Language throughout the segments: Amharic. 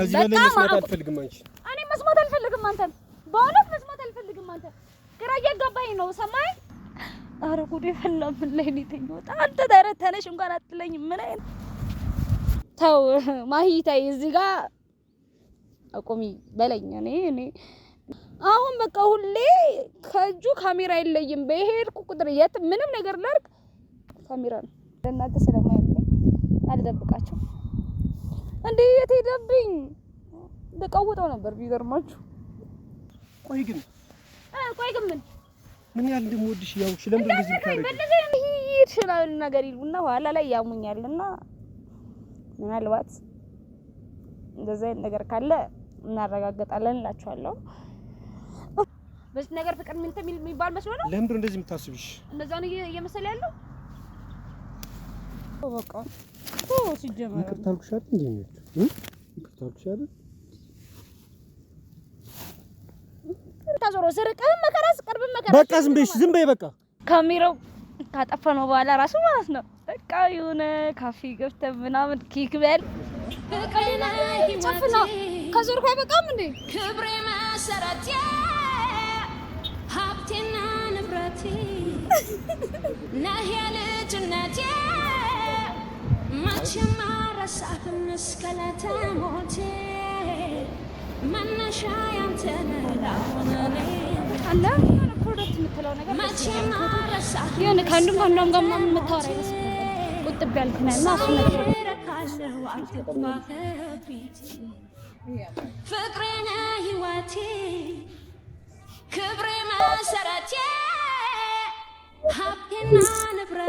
ከዚህ በላይ መስማት አልፈልግም። አንቺ እኔ መስማት አልፈልግም። አንተ በእውነት መስማት አልፈልግም። አንተ ግራ እያጋባኝ ነው። ሰማይ አረ ጉዴ ፈላ። ምን ላይ ነው የተኛሁት? አንተ ተነሽ እንኳን አትለኝ። ምን አይነት ተው ማሂ ተይ፣ እዚህ ጋር አቁሚ በለኝ። እኔ እኔ አሁን በቃ ሁሌ ከእጁ ካሜራ አይለይም። በሄድኩ ቁጥር የት ምንም ነገር ላድርግ ካሜራ ነው። ለእናንተ ስለማይሆን አልደብቃቸው እንዴ የት ሄደብኝ? ተቀውጠው ነበር ቢገርማችሁ። ቆይ ግን እ ቆይ ግን ምን ምን ያህል እንደምወድሽ ያው ስለምን እንደዚህ ታረጋለሽ? ይሄ ይችላል ነገር ይሉና በኋላ ላይ ያሙኛልና ምናልባት እንደዛ አይነት ነገር ካለ እናረጋግጣለን እላችኋለሁ። በዚህ ነገር ፍቅር ምን ተሚል የሚባል መስሎ ነው። ለምንድን ነው እንደዚህ የምታስብሽ? እንደዛ ነው እየመሰለ ያለው በቃ ይቅርታ አልኩሽ አይደል? እንዴት ይቅርታ አልኩሽ አይደል? በቃ ዝም በይሽ፣ ዝም በይ በቃ። ካሜራው ካጠፋ ነው በኋላ ራሱ ማለት ነው። በቃ የሆነ ካፌ ገብተን ምናምን ኬክ በል ከዞርኩ አይበቃም እንዴ? ክብሬ መሰረቴ ሀብቴና ንብረቴ ነህ የልጅነቴ መቼም አረሳህም እስከ ለተሞቴ መነሻ ያንተ የሆነ ከአንዱም ከአንዷም ጋር ምናምን መታወራ ይመስላል። ቁጥብ ያልኩና እና እሱ ነገር ፍቅሬነ ህይወቴ ክብሬ መሰረቴ ሀብቴና ንብረቴ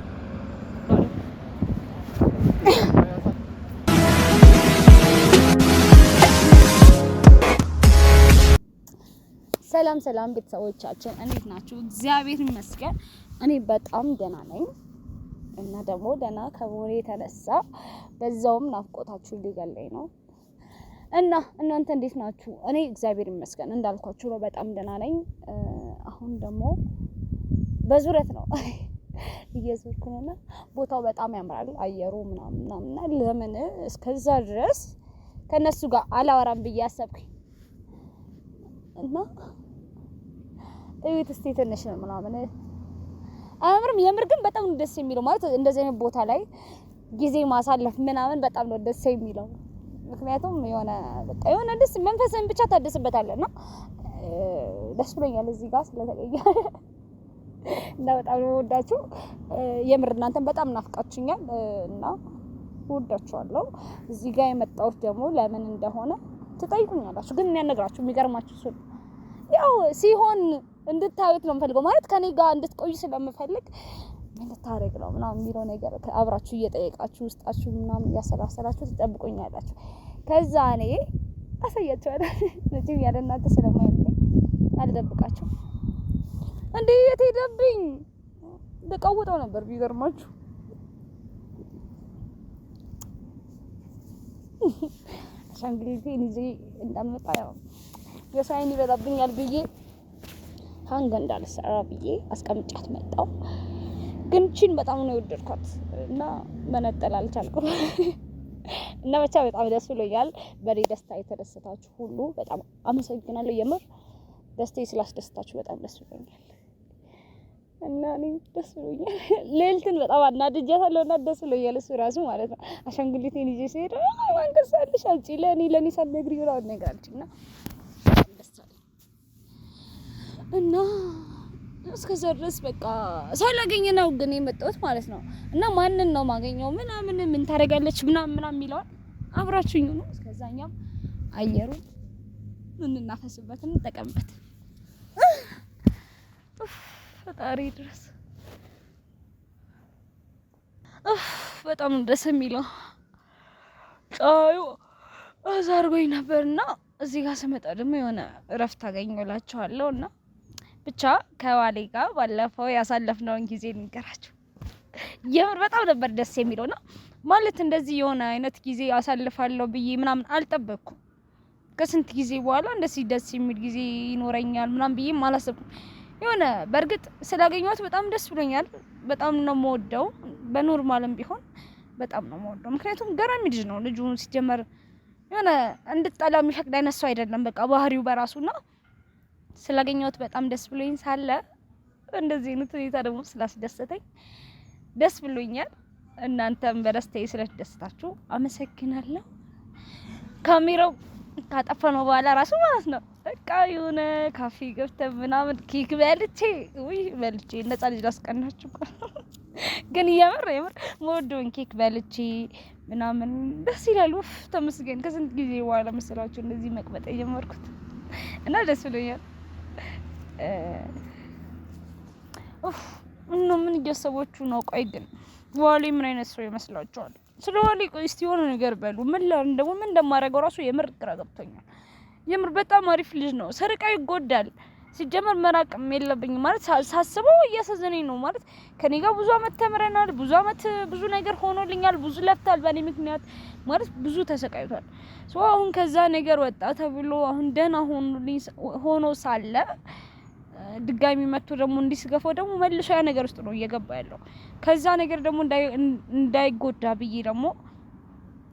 ሰላም ሰላም ቤተሰቦቻችን እንዴት ናችሁ? እግዚአብሔር ይመስገን እኔ በጣም ደህና ነኝ። እና ደግሞ ደህና ከመሆኔ የተነሳ በዛውም ናፍቆታችሁ ሊገለኝ ነው። እና እናንተ እንዴት ናችሁ? እኔ እግዚአብሔር ይመስገን እንዳልኳችሁ ነው፣ በጣም ደህና ነኝ። አሁን ደግሞ በዙረት ነው እየዞርኩ ነው እና ቦታው በጣም ያምራል፣ አየሩ ምናምን ምናምንና ለምን እስከዛ ድረስ ከእነሱ ጋር አላወራም ብዬ አሰብኩኝ እና እዩት እስቲ ትንሽ ነው ምናምን አያምርም? የምር ግን በጣም ነው ደስ የሚለው ማለት እንደዚህ አይነት ቦታ ላይ ጊዜ ማሳለፍ ምናምን በጣም ነው ደስ የሚለው። ምክንያቱም የሆነ በቃ የሆነ ደስ መንፈስን ብቻ ታደስበታለህ ታደስበታለና ደስ ብሎኛል እዚህ ጋር ስለተገኘ እና በጣም ነው ወዳችሁ። የምር እናንተን በጣም ናፍቃችሁኛል እና ወዳችኋለሁ። እዚህ ጋር የመጣሁት ደግሞ ለምን እንደሆነ ትጠይቁኛላችሁ፣ ግን እኔ ያነግራችሁ የሚገርማችሁ ያው ሲሆን እንድታዩት ነው የምፈልገው። ማለት ከኔ ጋር እንድትቆዩ ስለምፈልግ ምን እንድታረግ ነው ምናምን የሚለው ነገር አብራችሁ እየጠየቃችሁ ውስጣችሁ ምናምን እያሰላሰላችሁ ትጠብቁኛላችሁ። ከዛ እኔ አሳያችኋለሁ። መቼም ያለ እናንተ ስለማይሆን አልደብቃችሁ። እንዴ የት ሄደብኝ? ተቀውጠው ነበር ቢገርማችሁ። አሻንጉሊቴን ይዤ እንዳመጣ ያው የሰው አይን ይበላብኛል ብዬ ታንገ እንዳልሰራ ብዬ አስቀምጫት መጣው። ግን ቺን በጣም ነው የወደድኳት እና መነጠል አልቻልኩም። እና ብቻ በጣም ደስ ብሎኛል። በእኔ ደስታ የተደሰታችሁ ሁሉ በጣም አመሰግናለሁ። የምር ደስታ ስላስደስታችሁ በጣም ደስ ብሎኛል እና እኔ ደስ ብሎኛል። ሌልትን በጣም አናድጃታለሁ እና ደስ ብሎኛል። እሱ ራሱ ማለት ነው አሻንጉሊቴን ይዤ ሲሄድ ማንከሳለሽ አንቺ ለእኔ ለእኔ ሳትነግሪኝ ብላ ነገር አለችኝ እና እና እስከዛ ድረስ በቃ ሳላገኝ ነው ግን የመጣሁት ማለት ነው። እና ማንን ነው ማገኘው ምናምን ምን ታደርጋለች ምናምን ምናምን የሚለውን አብራችሁኝ ነው። እስከዛኛም አየሩ እንናፈስበት፣ እንጠቀምበት። ፈጣሪ ድረስ በጣም ደስ የሚለው ጫዩ አዛርጎኝ ነበርና እዚህ ጋር ስመጣ ደግሞ የሆነ እረፍት አገኘላችኋለሁ እና ብቻ ከዋሌ ጋር ባለፈው ያሳለፍነውን ጊዜ ንገራችሁ። የምር በጣም ነበር ደስ የሚለው ና ማለት እንደዚህ የሆነ አይነት ጊዜ አሳልፋለሁ ብዬ ምናምን አልጠበቅኩ። ከስንት ጊዜ በኋላ እንደዚህ ደስ የሚል ጊዜ ይኖረኛል ምናምን ብዬ አላሰብኩም። የሆነ በእርግጥ ስላገኘኋት በጣም ደስ ብሎኛል። በጣም ነው መወደው። በኖርማልም ቢሆን በጣም ነው መወደው። ምክንያቱም ገራሚ ልጅ ነው። ልጁ ሲጀመር የሆነ እንድጠላ የሚፈቅድ አይነት ሰው አይደለም። በቃ ባህሪው ና ስላገኘሁት በጣም ደስ ብሎኝ ሳለ እንደዚህ አይነት ሁኔታ ደግሞ ስላስደሰተኝ ደስ ብሎኛል። እናንተም በደስታዬ ስለተደሰታችሁ አመሰግናለሁ። ካሜራው ካጠፋ ነው በኋላ ራሱ ማለት ነው በቃ የሆነ ካፌ ገብተን ምናምን ኬክ በልቼ ውይ በልቼ ነጻ ልጅ ላስቀናችሁ ግን እያመር የምር መወደውን ኬክ በልቼ ምናምን ደስ ይላል። ውፍ ተመስገን። ከስንት ጊዜ በኋላ መሰላችሁ እንደዚህ መቅመጥ የጀመርኩት እና ደስ ብሎኛል። እና ምን እያሰባችሁ ነው? ቆይ ግን ዋሌ ምን አይነት ሰው ይመስላችኋል? ስለ ዋሌ ቆይ እስቲ የሆነ ነገር በሉ። ምን ላን ደግሞ ምን እንደማደርገው ራሱ የምር ግራ ገብቶኛል። የምር በጣም አሪፍ ልጅ ነው። ሰርቃ ይጎዳል። ሲጀመር መራቅም የለብኝ ማለት ሳስበው እያሳዘነኝ ነው። ማለት ከኔ ጋር ብዙ አመት ተምረናል። ብዙ አመት ብዙ ነገር ሆኖልኛል። ብዙ ለፍታል በእኔ ምክንያት ማለት ብዙ ተሰቃይቷል። አሁን ከዛ ነገር ወጣ ተብሎ አሁን ደህና ሆኖ ሳለ ድጋሚ መጥቶ ደግሞ እንዲስገፈው ደግሞ መልሶ ያ ነገር ውስጥ ነው እየገባ ያለው። ከዛ ነገር ደግሞ እንዳይጎዳ ብዬ ደግሞ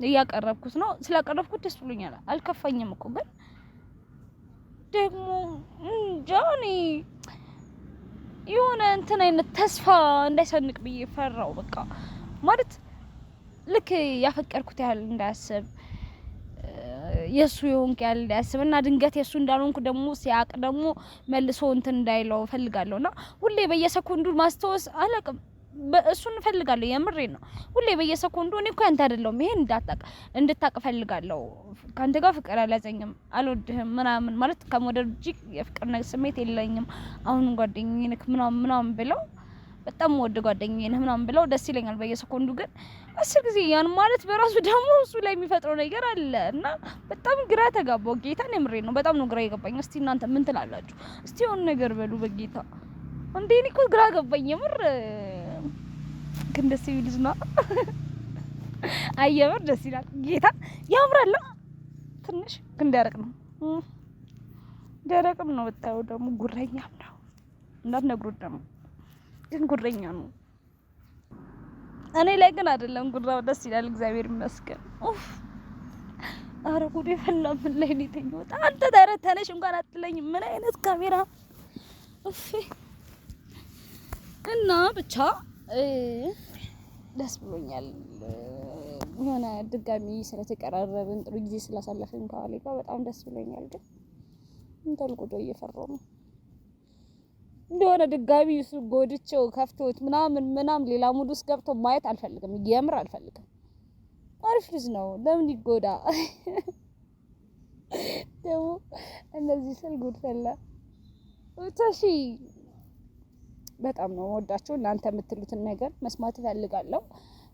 እያቀረብኩት ነው። ስላቀረብኩት ደስ ብሎኛል፣ አልከፋኝም እኮ ግን ደግሞ እንጃ እኔ የሆነ እንትን አይነት ተስፋ እንዳይሰንቅ ብዬ ፈራው። በቃ ማለት ልክ ያፈቀርኩት ያህል እንዳያስብ የእሱ የሆንክ ያል እንዳያስብ እና ድንገት የእሱ እንዳልሆንኩ ደግሞ ሲያቅ ደግሞ መልሶ እንትን እንዳይለው እፈልጋለሁ ና ሁሌ በየሰኮንዱ ማስታወስ አላቅም እሱን እፈልጋለሁ። የምሬ ነው። ሁሌ በየሰኮንዱ እኔ እኮ ያንተ አይደለሁም ይሄን እንዳታቅ እንድታቅ እፈልጋለሁ። ከአንተ ጋር ፍቅር አላዘኝም አልወድህም ምናምን ማለት ከመውደድ ውጪ የፍቅር ስሜት የለኝም። አሁን ጓደኛዬ ነህ ምናምን ምናምን ብለው በጣም ወድ ጓደኛዬ ምናምን ብለው ደስ ይለኛል። በየሰኮንዱ ግን አስር ጊዜ ያን ማለት በራሱ ደግሞ እሱ ላይ የሚፈጥረው ነገር አለ እና በጣም ግራ ተጋባው። ጌታን የምሬ ነው፣ በጣም ነው ግራ የገባኝ። እስቲ እናንተ ምን ትላላችሁ? እስቲ የሆነ ነገር በሉ። በጌታ እንዴ እኔ እኮ ግራ ገባኝ የምር። ግን ደስ የሚል ልጅ ነው። አይ የምር ደስ ይላል። ጌታ ያምራል። ትንሽ ግን ደረቅ ነው፣ ደረቅም ነው። ብታየው ደግሞ ጉረኛም ነው። እንዳትነግሩት ደግሞ ግን ጉረኛ ነው። እኔ ላይ ግን አይደለም ጉራው ደስ ይላል። እግዚአብሔር ይመስገን። ኡፍ አረ ጉዴ ፈላ። ምን ላይ ነው የተኛሁት? አንተ ተነሽ እንኳን አትለኝ። ምን አይነት ካሜራ ኡፍ እና ብቻ ደስ ብሎኛል። የሆነ ድጋሚ ስለተቀራረብን ጥሩ ጊዜ ስላሳለፍን ከአሌ ጋር በጣም ደስ ብሎኛል። ግን እንትን ጉዶ እየፈራሁ ነው። እንደሆነ ድጋሚ እሱ ጎድቼው ከፍቶት ምናምን ምናምን ሌላ ሙድ ውስጥ ገብቶ ማየት አልፈልግም። የምር አልፈልግም። አሪፍ ልጅ ነው። ለምን ይጎዳ? ደግሞ እነዚህ ስል ጉድ ፈላ በጣም ነው ወዳቸው። እናንተ የምትሉትን ነገር መስማት እፈልጋለሁ።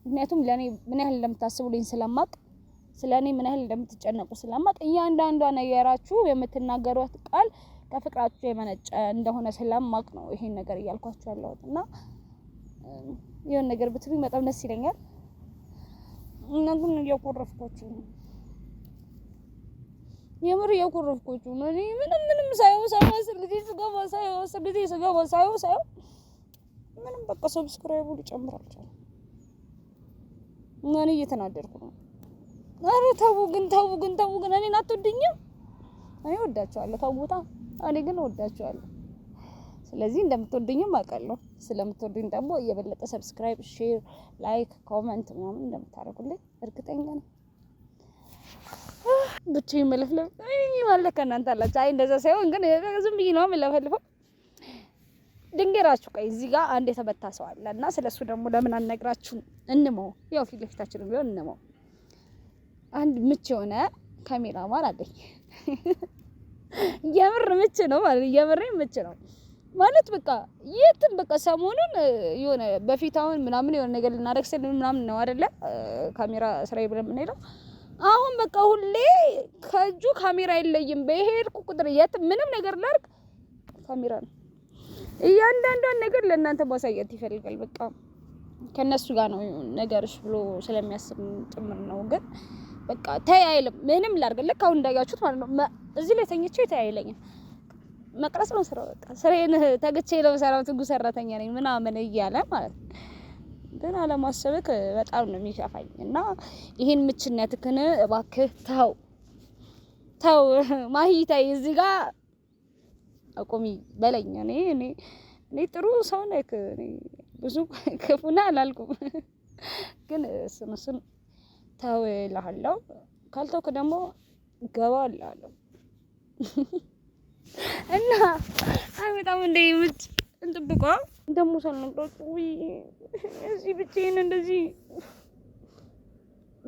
ምክንያቱም ለእኔ ምን ያህል እንደምታስቡልኝ ስለማቅ ስለ እኔ ምን ያህል እንደምትጨነቁ ስለማቅ እያንዳንዷ ነገራችሁ የምትናገሯት ቃል ከፍቅራችሁ የመነጨ እንደሆነ ስለማቅ ነው ይሄን ነገር እያልኳችሁ ያለሁት እና የሆነ ነገር ብትሉኝ በጣም ደስ ይለኛል። እናንተም እያኮረፍኳችሁ ነው። የምር እያኮረፍኳችሁ ነው። እኔ ምንም ምንም ሳይሆን ሳይሆን አስር ጊዜ ስገባ ሳይሆን አስር ጊዜ ስገባ ሳይሆን ሳይሆን ምንም በቃ ሰብስክራይቡ ሊጨምር እና እኔ እየተናደድኩ ነው። ኧረ ተው ግን ተው ግን ተው ግን እኔን አትወዱኝም። እኔ ወዳቸዋለሁ። ተው ቦታ እኔ ግን እወዳቸዋለሁ። ስለዚህ እንደምትወዱኝም አውቃለሁ። ስለምትወዱኝ ደግሞ እየበለጠ ሰብስክራይብ፣ ሼር፣ ላይክ፣ ኮመንት ምናምን እንደምታደርጉልኝ እርግጠኛ ነው። ብቻዬን መለፍለፍ ማለት ከእናንተ አላችሁ። አይ እንደዛ ሳይሆን ግን ዝም ብዬ ነው የምለፈልፈው። ድንገራችሁ ቀይ እዚህ ጋር አንድ የተመታ ሰው አለ እና ስለ እሱ ደግሞ ለምን አልነግራችሁም? እንመው ያው ፊት ለፊታችን ቢሆን እንመው። አንድ ምች የሆነ ካሜራማን አለኝ የምር ምች ነው ማለት የምር ምች ነው ማለት በቃ የትም በቃ ሰሞኑን የሆነ በፊት አሁን ምናምን የሆነ ነገር ልናደርግ ስል ምናምን ነው አደለ ካሜራ ስራ ብለን የምንሄደው አሁን በቃ ሁሌ ከእጁ ካሜራ አይለይም። በሄድኩ ቁጥር የት ምንም ነገር ላርግ ካሜራ ነው። እያንዳንዷን ነገር ለእናንተ ማሳየት ይፈልጋል። በቃ ከነሱ ጋር ነው ነገርሽ ብሎ ስለሚያስብ ጭምር ነው። ግን በቃ ተይ አይልም። ምንም ላርግ ልክ አሁን እንዳያችሁት ማለት ነው እዚህ ላይ ተኝቼ ተያይለኛል። መቅረጽ ነው ስራው። በቃ ስሬን ተግቼ ለመሰራው ትጉ ሰራተኛ ነኝ ምናምን እያለ ማለት ነው። ግን አለማሰብክ በጣም ነው የሚሻፋኝ። እና ይሄን ምችነትክን እባክህ ተው ተው ማሂ ተይ፣ እዚህ ጋር አቁሚ በለኝ። እኔ እኔ እኔ ጥሩ ሰው ነክ ብዙ ክፉና አላልኩም፣ ግን እሱን እሱን ተው እልሃለሁ። ካልተውክ ደግሞ ገባ እልሃለሁ። እና አይ በጣም እንደ ምት እንጥብቋ ደግሞ ሳልነግራችሁ እዚህ ብቻዬን እንደዚህ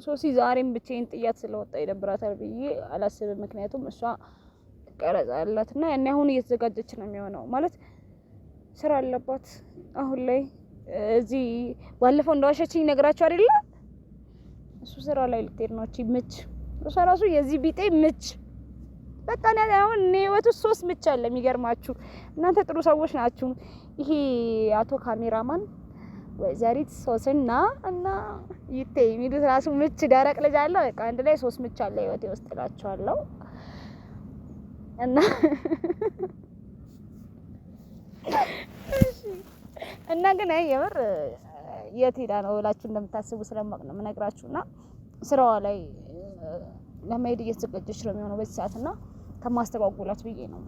ሶሲ ዛሬም ብቻዬን ጥያት ስለወጣ ይደብራታል ብዬ አላስብም። ምክንያቱም እሷ ቀረጻ አላት እና ያኔ አሁን እየተዘጋጀች ነው የሚሆነው ማለት ስራ አለባት አሁን ላይ እዚህ ባለፈው እንደዋሸችኝ ነግራችሁ አይደለ? እሱ ስራ ላይ ልትሄድ ነው። እቺ ምች እሷ ራሱ የዚህ ቢጤ ምች በቃ አሁን እኔ ህይወት ውስጥ ሶስት ብቻ አለ። የሚገርማችሁ እናንተ ጥሩ ሰዎች ናችሁ። ይሄ አቶ ካሜራማን ወይዘሪት ሶስና እና ይቴ የሚሉት ራሱ ምች ደረቅ ልጅ አለ። በቃ አንድ ላይ ሶስት ምች አለ ህይወቴ ውስጥ እላችኋለሁ። እና እና ግን አይ የምር የት ሄዳ ነው ብላችሁ እንደምታስቡ ስለማቅ ነው የምነግራችሁና ስራዋ ላይ ለመሄድ እየተዘጋጀች ነው የሚሆነው በዚህ ሰዓት እና ከማስተጓጉላት ብዬ ነው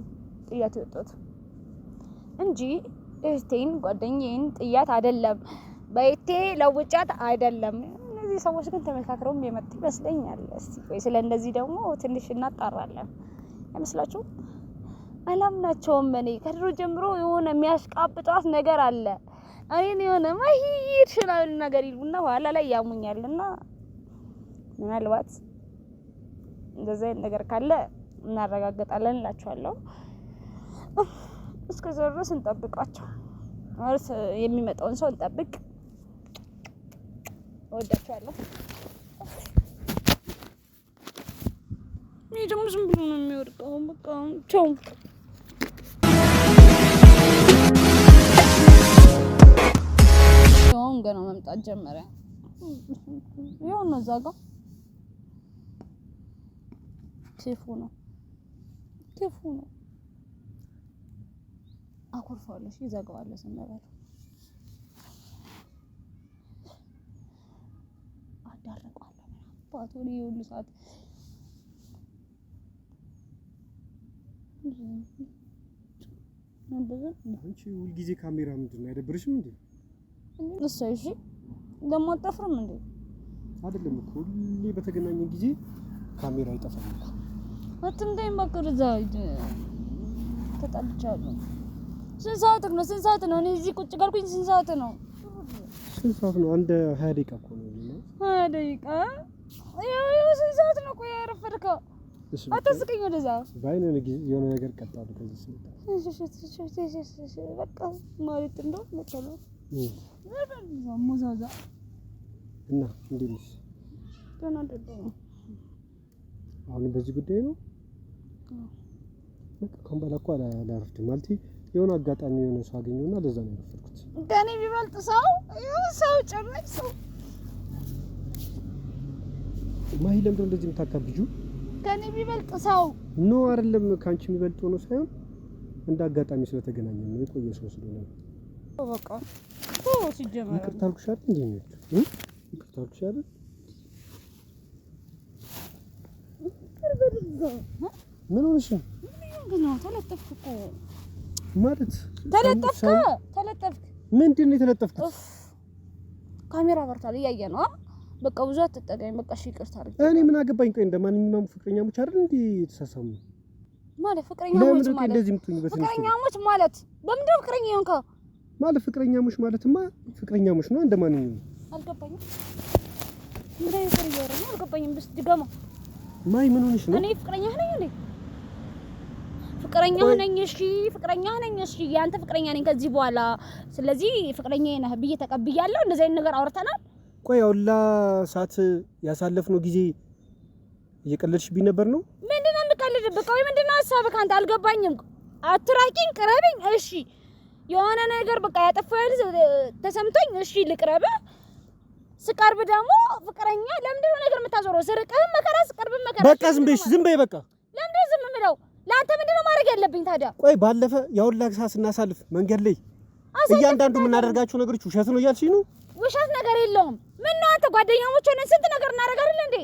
ጥያት የወጣሁት እንጂ እህቴን ጓደኛዬን ጥያት አይደለም፣ በይቴ ለውጫት አይደለም። እነዚህ ሰዎች ግን ተመካክረውም የመጡ ይመስለኛል። እስቲ ቆይ ስለ እነዚህ ደግሞ ትንሽ እናጣራለን። አይመስላችሁም? አላምናቸውም። እኔ ከድሮ ጀምሮ የሆነ የሚያስቃብጧት ነገር አለ። እኔን የሆነ ማሂድ ሽላል ነገር ይሉና ኋላ ላይ ያሙኛል። እና ምናልባት እንደዚህ አይነት ነገር ካለ እናረጋግጣለን እላችኋለሁ። እስከዛ ድረስ እንጠብቃቸው። እርስ የሚመጣውን ሰው እንጠብቅ። እወዳቸዋለሁ። ይህ ደግሞ ዝም ብሎ ነው የሚወድቀው። በቃ ቻው። ገና መምጣት ጀመረ። ይኸው ነው እዛ ጋ ሴፉ ነው። ክፉ ነው። አኮርፋለሁ፣ ይዘጋዋለሁ ስንበል አዳርቋለሁ አባቱ የሁሉ ሰዓት አንቺ ሁልጊዜ ካሜራ ምንድን ነው አይደብርሽም እንዴ? እሰይ እሺ፣ ደግሞ አጠፍርም እንዴ? አይደለም እኮ ሁሌ በተገናኘ ጊዜ ካሜራ ይጠፋል። አትምታኝ እባክህ ወደዛ ተጣልቻለሁ። ስንት ሰዓት ነው? ስንት ሰዓት ነው? እኔ እዚህ ቁጭ ካልኩኝ ስንት ሰዓት ነው? ስንት ሰዓት ነው? አንድ ሀያ ደቂቃ እኮ ነው። ሀያ ደቂቃ ይኸው ስንት ሰዓት ነው? ቆይ ያረፈድከው አታስቀኝ። ወደዛ በአይነ የሆነ ነገር ቀጣሉ ከዚህ ስመጣ በቃ ማለት እንደው ሞዛዛ እና እንዴት ነሽ? ደህና አይደለሁም። አሁንም በዚህ ጉዳይ ነው ከሁን በኋላ እኮ አላረፍድም ማለት የሆነ አጋጣሚ የሆነ ሰው አገኘውና ለዛ ነው ያረፈድኩት። ቢበልጥ ሰው ሰው ጭራሽ ሰው ማሂ ለምደ እንደዚህ የምታካብጁ ከኔ ቢበልጥ ሰው ኖ አይደለም። ከአንቺ የሚበልጥ ሆኖ ሳይሆን እንደ አጋጣሚ ስለተገናኘ ነው የቆየ ሰው ስለሆነ ይቅርታ አልኩሽ አይደል? ይቅርታ አልኩሽ አይደል? ምን ሆነሽ ነው? ምንድን ነው ማለት ተለጠፍክ ተለጠፍክ ምንድን ነው የተለጠፍኩት? ካሜራ በርታል እያየ ነው። በቃ ብዙ አትጠጋኝ። በቃ እሺ ይቅርታ። እኔ ምን አገባኝ? ቆይ እንደማንኛውም ፍቅረኛ ሙች አይደል እንዴ የተሳሳሙ ማለት ፍቅረኛ ማለት እንደዚህ ማለት በምንድን ነው ፍቅረኛ የሆንከው? ማለት ፍቅረኛ ማለትማ ፍቅረኛ ሙች ነው እንደማንኛውም። አልገባኝም። ምንድን ነው ፍቅረኛ ነው? አልገባኝም። ብስ ማይ ምን ሆነሽ ነው? እኔ ፍቅረኛ ነኝ እንዴ? ፍቅረኛ ነኝ እሺ፣ ፍቅረኛ ነኝ እሺ፣ ያንተ ፍቅረኛ ነኝ ከዚህ በኋላ ስለዚህ ፍቅረኛ ነህ ብዬ ተቀብያለሁ። እንደዚህ አይነት ነገር አውርተናል። ቆይ ያውላ ሰዓት ያሳለፍነው ጊዜ እየቀለድሽብኝ ነበር ነው? ምንድን ነው የምቀልድብህ? ቆይ ምንድን ነው ሀሳብህ? አንተ አልገባኝም። አትራቂኝ፣ ቅረብኝ። እሺ የሆነ ነገር በቃ ያጠፋል ተሰምቶኝ፣ እሺ ልቅረብ። ስቀርብ ደግሞ ፍቅረኛ ለምንድን ነው ነገር የምታዞረው? ስርቅህም መከራ፣ ስቀርብም መከራ። በቃ ዝም በይ፣ ዝም በይ፣ በቃ ለምንድን ነው ዝም የምለው? ለአንተ ምንድነው ማድረግ ያለብኝ ታዲያ? ቆይ ባለፈ ያውላ ግሳ ስናሳልፍ መንገድ ላይ እያንዳንዱ የምናደርጋቸው ነገሮች ውሸት ነው እያልሽኝ ነው? ውሸት ነገር የለውም። ምን ነው አንተ ጓደኛሞች ሆነን ስንት ነገር እናደርግ አይደል እንዴ?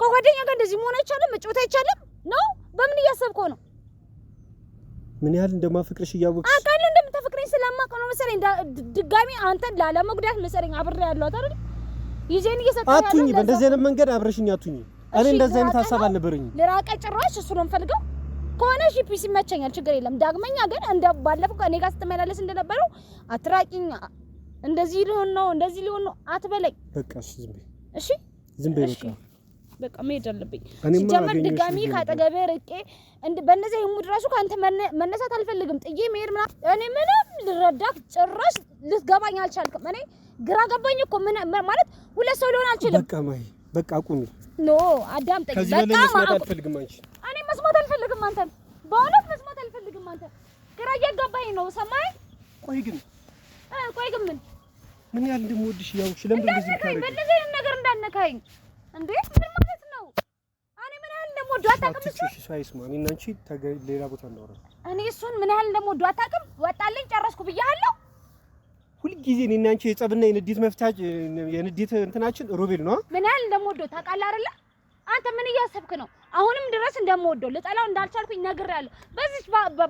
ከጓደኛ ጋር እንደዚህ መሆን አይቻልም፣ መጫወት አይቻልም ነው? በምን እያሰብከው ነው? ምን ያህል እንደማፈቅርሽ እያወቅሽ አውቃለሁ። እንደምታፈቅረኝ ስለማውቅ ነው መሰለኝ ድጋሚ አንተን ላለመጉዳት መሰለኝ አብሬ ያለው አይደል ይዤን እየሰጠኝ አትሁኝ። በእንደዚህ አይነት መንገድ አብረሽኝ አትሁኝ። እኔ እንደዚህ አይነት ሀሳብ አልነበረኝም። ልራቀ ጭራሽ እሱ ነው የምፈልገው ከሆነ ሺፒ ሲመቸኛል፣ ችግር የለም። ዳግመኛ ግን እንደ ባለፈው እኔ ጋር ስትመላለስ እንደነበረው አትራቂኛ፣ እንደዚህ ሊሆን ነው እንደዚህ ሊሆን ነው አትበለኝ። በቃ እሺ፣ ዝም በይ፣ እሺ፣ ዝም በይ። በቃ በቃ መሄድ አለብኝ። ሲጀመር ድጋሚ ካጠገብ ርቄ በእነዚያ የሙድ ራሱ ከአንተ መነሳት አልፈልግም። ጥዬ መሄድ ምናምን እኔ ምንም ልረዳክ ጭራሽ ልትገባኝ አልቻልክም። እኔ ግራ ገባኝ እኮ ምን ማለት ሁለት ሰው ሊሆን አልችልም። በቃ ማይ በቃ ቁሚ። ኖ አዳም አዳምጠኝ። በቃ ማለት መስማት አልፈልግም። አንተ በእውነት መስማት አልፈልግም። አንተ ግራ እያጋባኝ ነው። ሰማይ ቆይ ግን ቆይ ግን ምን ምን ያህል እንደምወድሽ ያውቅሽ። ለምን እንደዚህ ታደርጊ? በእንደዚህ አይነት ነገር እንዳነካኝ እንዴ! ምን ማለት ነው? እኔ ምን ያህል እንደምወደው አታውቅም። እሱ እሺ፣ ሳይስማ እኔ እና አንቺ ሌላ ቦታ እናወራለን። እኔ እሱን ምን ያህል እንደምወደው አታውቅም። ወጣልኝ፣ ጨረስኩ ብያለሁ። ሁልጊዜ እኔ እና አንቺ የጸብና የንዴት መፍታጭ የንዴት እንትናችን ሮቤል ነው። ምን ያህል እንደምወደው ታውቃለህ አይደለ? አንተ ምን እያሰብክ ነው? አሁንም ድረስ እንደምወደው ልጠላው እንዳልቻልኩኝ ነግሬያለሁ። በዚህ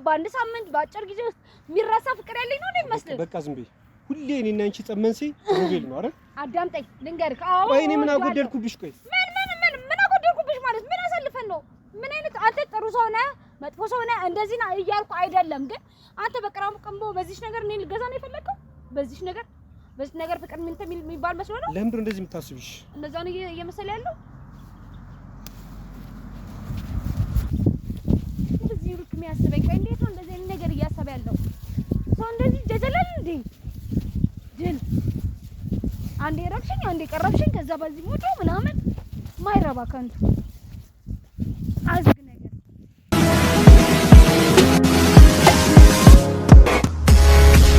በአንድ ሳምንት በአጭር ጊዜ ውስጥ የሚረሳ ፍቅር ያለኝ ነው ይመስልህ? በቃ ዝም ብዬ ሁሌ እኔ እና አንቺ ጠመንሲ ሮቤል ነው አይደል? አዳምጠኝ ልንገርህ። አዎ ወይኔ ምን አጎደልኩብሽ? ቆይ ምን ምን ምን ምን አጎደልኩብሽ ማለት ምን አሳልፈን ነው? ምን አይነት አንተ ጥሩ ሰው ነህ፣ መጥፎ ሰው ነህ፣ እንደዚህ ነህ እያልኩ አይደለም። ግን አንተ በቀራሙ ቀንቦ በዚህ ነገር እኔን ልገዛ ነው የፈለከው? በዚህ ነገር በዚህ ነገር ፍቅር ምን የሚባል መስሎ ነው? ለምንድን ነው እንደዚህ የምታስብሽ? እንደዛ ነው እየመሰለ ያለው የሚያስበኝ? ቆይ እንዴት ነው እንደዚህ አይነት ነገር እያሰበ ያለው ሰው? እንደዚህ እንዴ? አንዴ ረብሽኝ፣ አንዴ ቀረብሽኝ፣ ከዛ በዚህ ምናምን ማይረባ ከንቱ አዝ